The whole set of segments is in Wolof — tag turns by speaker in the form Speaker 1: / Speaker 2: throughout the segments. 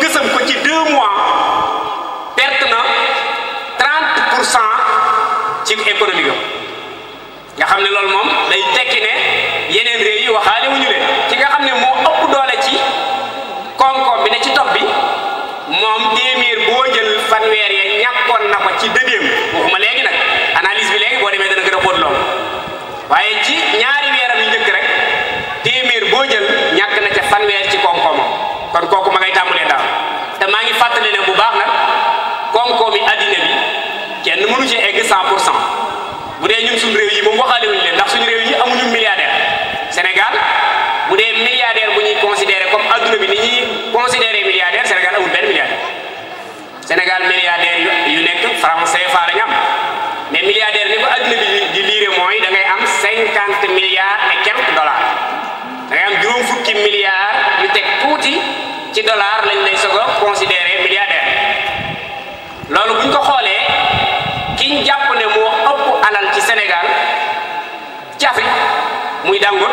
Speaker 1: gësam ko ci deux mois perte na 30 pour cent ci économie bi nga xam ne loolu moom day tekki ne yeneen réew yi waxaale wuñu leen ci nga xam ne moo ëpp doole ci koom bi ne ci topp bi moom téeméer boo jël fanweer ya ñàkkoon na ko ci dëdéem waxuma léegi nag analyse bi léegi boo demee dana gën a waaye ci ñaari weeram yu rek téeméer boo jël ñàkk na ca fanweer ci koom kon kooku dee ñun suñu réew yi moom waxaale wuñu leen ndax suñu réew yi amuñu milliardaire Sénégal bu dee milliardaire bu ñuy considéré comme adduna bi ni ñuy considéré milliardaire Sénégal amul benn milliardaire Sénégal milliardaire yu nekk franc CFA la am mais milliardaire ni ko adduna bi di liire mooy da ngay am cinquante milliards et quelques dollars da fukki milliards yu teg tuuti ci dollar lañ lay soog a considéré milliardaire loolu buñ ko xoolee jàngoon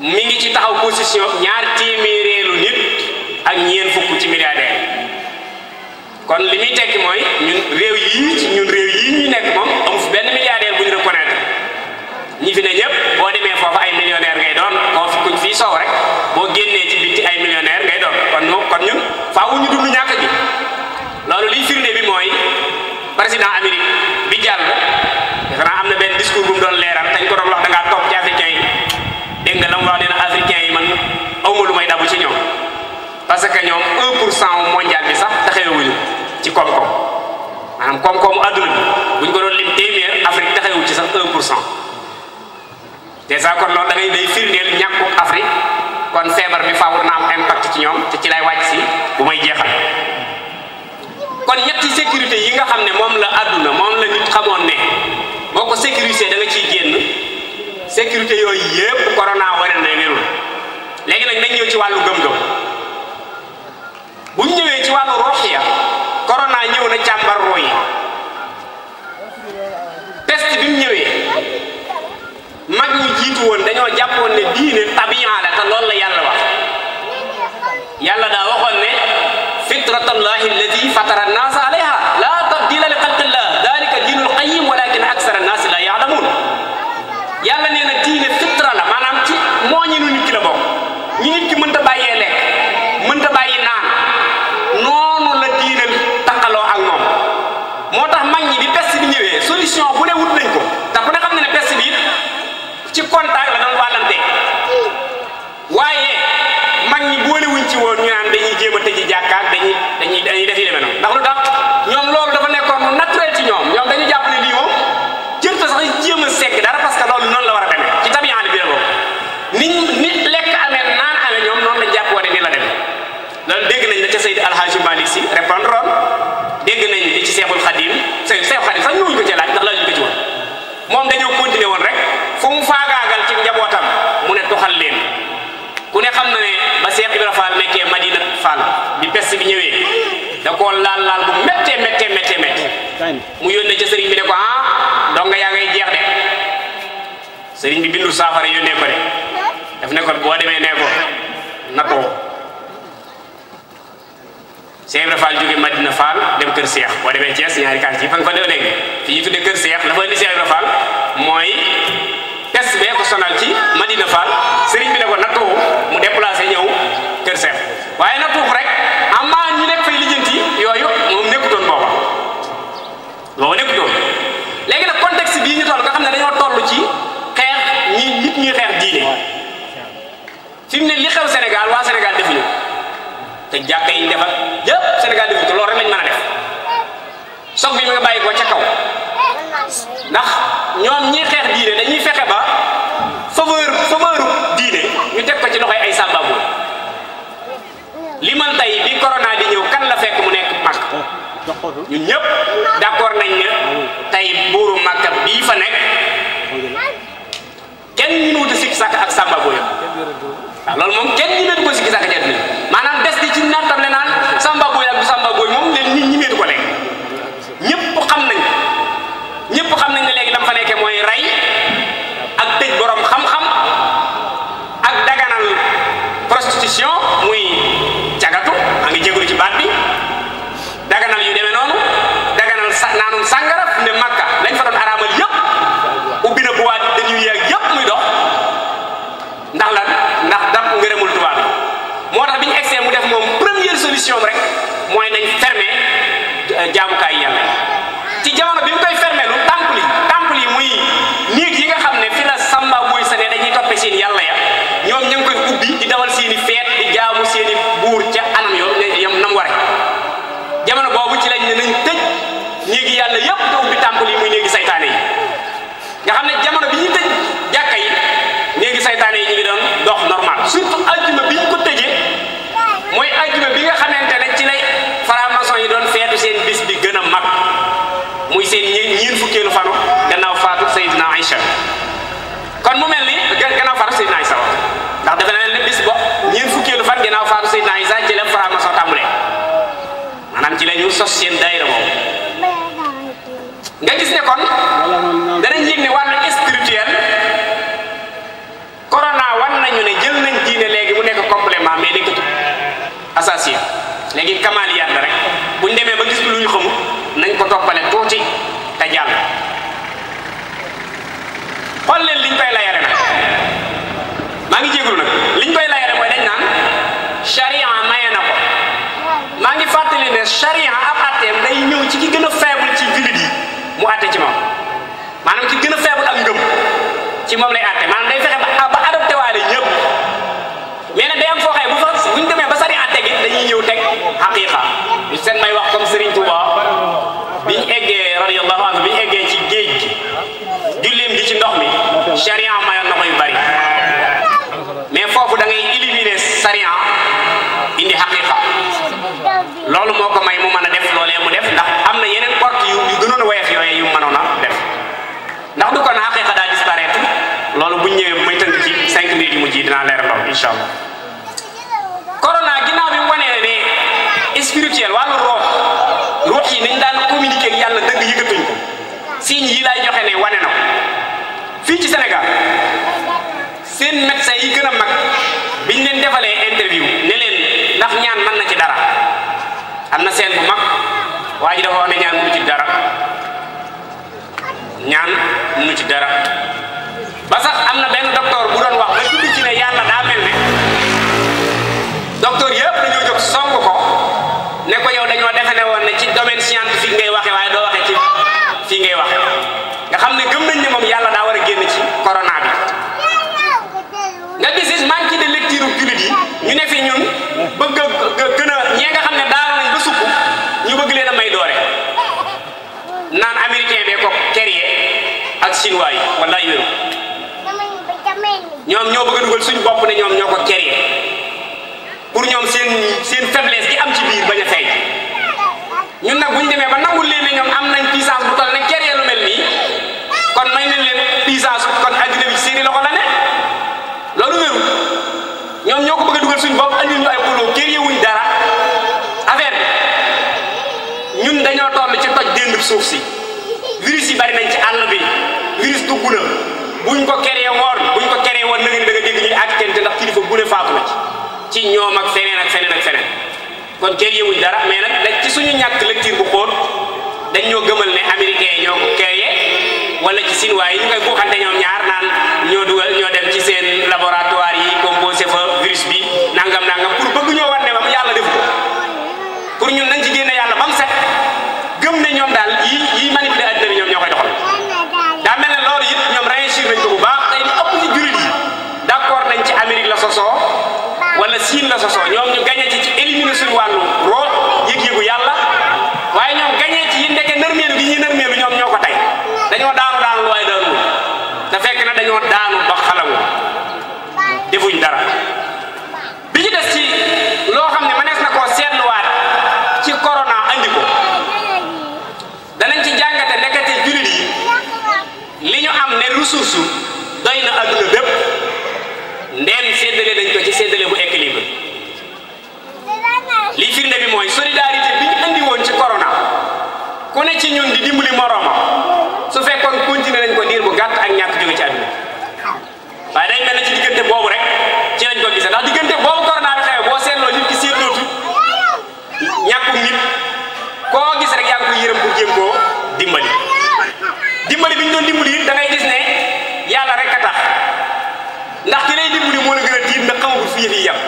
Speaker 1: mi ngi ci taxaw position ñaar téeméereelu nit ak ñeen fukk ci milliardaire kon li muy tekki mooy ñun réew yii ñun réew yii ñu nekk moom amu fi benn milliardaire bu ñu reconnaître ñi fi ne yëpp boo demee foofu ay millionnaire ngay doon koo fi kuñ fii soow rek boo génnee ci bitti ay millionnaire ngay doon kon ñoo kon ñun faaw ñu dund ñàkk gi loolu liy firnde bi mooy président Amérique bi jàll defe naa am na benn discours bu doon leeral koom-koomu àdduna bi bu ñu ko doon lim téeméer Afrique taxawu ci sax 1 pour cent dèjà kon loolu da ngay day firndeel ñàkku Afrique kon feebar bi faaw na am impact ci ñoom te ci lay wàcc si bu may jeexal. kon ñetti sécurité yi nga xam ne moom la àdduna moom la nit xamoon ne boo ko sécurisé da nga ciy génn sécurité yooyu yépp corona wane na wérul léegi nag nañ ñëw ci wàllu gëm-gëm bu ñu ñëwee ci wàllu rox jiitu woon dañoo jàppoon ne diine tabian la te loolu la yàlla wax yàlla daa waxoon ne fitratallahi allati fatara annaasa alayha la tabdila li xalqillah dalika diinul qayim walakin aksara annaasi la yaalamuun yàlla nee na diine fitra la maanaam ci moo ñi nu nit ki la bokk ñi nit ki mënta bàyyee naturel ci ñoom ñoom dañu jàpp ne lii moom jërta sax a segg dara parce que loolu noonu la war a bi la bokk nit nit lekk amee naan amee ñoom noonu lañ a ni la demee la ca Seydi Alhaji Malick woon rek fu mu faagaagal ci njabootam mu ne toxal leen ku ne xam ne ba Seex Ibra Fall nekkee Madina Fall bi peste bi ñëwee da koo laal laal bu méttee méttee méttee mu yónnee ca sëriñ bi ne ko ah dong yaa ngay jeex de sëriñ bi bindu saafara yónnee ko de daf ne ko boo demee nee ko nattoo Cheikh Ibra Fall jóge Madina Fall dem Kër Cheikh boo demee Thiès ñaari quartier yi fa nga fa doon léegi fi ñu tuddee Kër Cheikh la fa indi Cheikh mooy test bee ko sonal ci Madina Fall sëriñ bi ne ko nattoo mu déplacé ñëw Kër Cheikh waaye nattoo rek. moo nekk loolu léegi nag contexte bii ñu toll ne dañoo toll ci xeex ñi nit ñuy xeex li xew Sénégal waa Sénégal defuñu te jàkka yi ñu defar yëpp Sénégal defuñu a def soog bi mi nga bàyyi ko ca kaw ndax ñoom ñiy xeex diine dañuy fexe ba faveur faveur diine ñu teg ko ci loxoy ay sàmbaabu li man tey bi corona di ñëw kan la fekk mu nekk mag ñun ñëpp d'accord nañ ne tey buuru Makka bii fa nekk kenn ñu wut a sikki sàkk ak Samba Boye waaw loolu moom kenn ñu wut ko sikki sàkk maanaam des di ci nattable naan Samba Boye ak du Samba Boye moom léegi ñi ñi ko léegi ñëpp xam nañ ñëpp xam nañ ne léegi dama fa nekkee mooy rey ak tëj borom xam-xam ak daganal prostitution muy mbirum sàngara fi ne Makka lañ fa doon araamal yëpp ubbi na bu waat dañuy yeeg yëpp muy dox ndax la ndax dab ngërëmul tubaab bi moo tax bi ñu egsee mu def moom première solution rek mooy nañ fermé euh, jaamukaay yàlla yi ci jamono bi mu koy fermé yi temple yi muy xam ne fi sa ne dañuy toppe seen yàlla ya ñoom ña ngi koy ubbi di dawal seeni feet di jaamu seeni buur ca anam yo yam nam ware jamono boobu ci lañ ne nañ yëpp te ubbi tàmpal yi muy néegi saytaane yi nga xam ne jamono bi ñuy tëj jàkka yi néegi saytaane yi ñu ngi doon dox normal nga gis ne kon danañ yëg ne wàllu spirituel corona wan nañu ne jël nañ diine léegi mu nekk complément mais nekkatu associé léegi kamaaliyaat la rek buñ demee ba gis lu ñu xamul nañ ko toppale tuuti te jàll xool leen liñ koy layale nag maa ngi jégalu nag xaqiqa lu seen may wax comme Serigne bi biñ eggee radiyallahu anhu biñ eggee ci géej gi julleem gi ci ndox mi charia mayoon na ko yu bari mais foofu da ngay éliminer charia indi xaqiqa loolu moo ko may mu mën a def loolee mu def ndax am na yeneen porte yu yu gënoon a woyof yooyu yu mënoon a def ndax du kon xaqiqa daa disparaître loolu buñ ñëwee may tënk ci cinq minutes yu mujj leer lool incha allah corona ginnaaw bi mu wanee spirituel wàllu roox roox yi nañ daan communiquer ak yàlla dëgg yëgatuñ ko signe yi laay joxe wane na ko fii ci Sénégal seen médecin yi gën a mag biñ leen defalee interview ne leen ndax ñaan mën na ci dara am na seen bu mag waa ji dafa wax ne ñaan mënu ci dara ñaan mënu ci dara ba sax am na benn docteur bu wax ba tudd ci ne yàlla daa mel ne docteur ñu ne fi ñun bëgg a gën a ñee nga xam ne daal nañ ba sukk ñu bëgg leen a may doore naan américain bee ko kerye ak chinois yi wallaay wéru ñoom ñoo bëgg a dugal suñ bopp ne ñoom ñoo ko kerye pour ñoom seen seen faiblesse gi am ci biir bañ a feeñ ñun nag buñ demee ba nangu suuf si virus yi bari nañ ci àll bi virus dugg na buñ ko keree woon buñ ko keree woon na ngeen da nga dégg ñuy accident ndax kilifa bu ne ci ci ñoom ak feneen ak feneen ak feneen kon kenn yëwuñ dara mais nag dañ ci suñu ñàkk lecture bu xóot dañ ñoo gëmal ne américains yi ñoo ko keree wala ci sinwaa yi ñu koy buuxante ñoom ñaar naan ñoo dugal ñoo dem ci seen laboratoire yi composé fa virus bi nangam nangam pour bëgg ñoo war ne yàlla def ko pour ñun nañ ci ñun di dimbali moroomam su fekkoon continuer nañ ko diir bu gàtt ak ñàkk jóge ci àdduna waaye day mel ne ci diggante boobu rek ci lañ ko gisee ndax diggante boobu corona bi xewee boo seetloo nit ki seetlootu ñàkkum nit koo gis rek yaa ngi ko yërëm dimbali dimbali bi ñu doon dimbali it gis ne yàlla rek a tax ndax ki dimbali moo la gën a tiit ndax xamagul fi yëf yi yem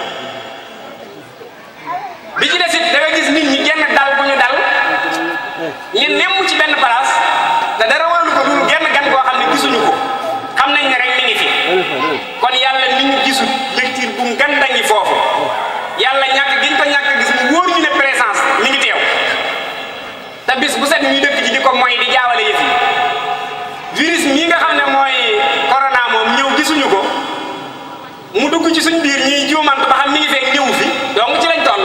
Speaker 1: gisul lecture bu mu ganda ngi foofu yàlla ñàkk giñ ko ñàkk gis wóor ñu ne présence mi ngi teew te bis bu set ñu dëkk ci di ko mooy di jaawale yëf yi virus mii nga xam ne mooy corona moom ñëw gisuñu ko mu dugg ci suñ biir ñuy jiwmant ba xam mi ngi fekk ñëw fi ci lañ toll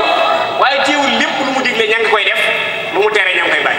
Speaker 1: waaye teewul lépp lu mu digle ña koy def lu mu tere ña ngi koy bàyyi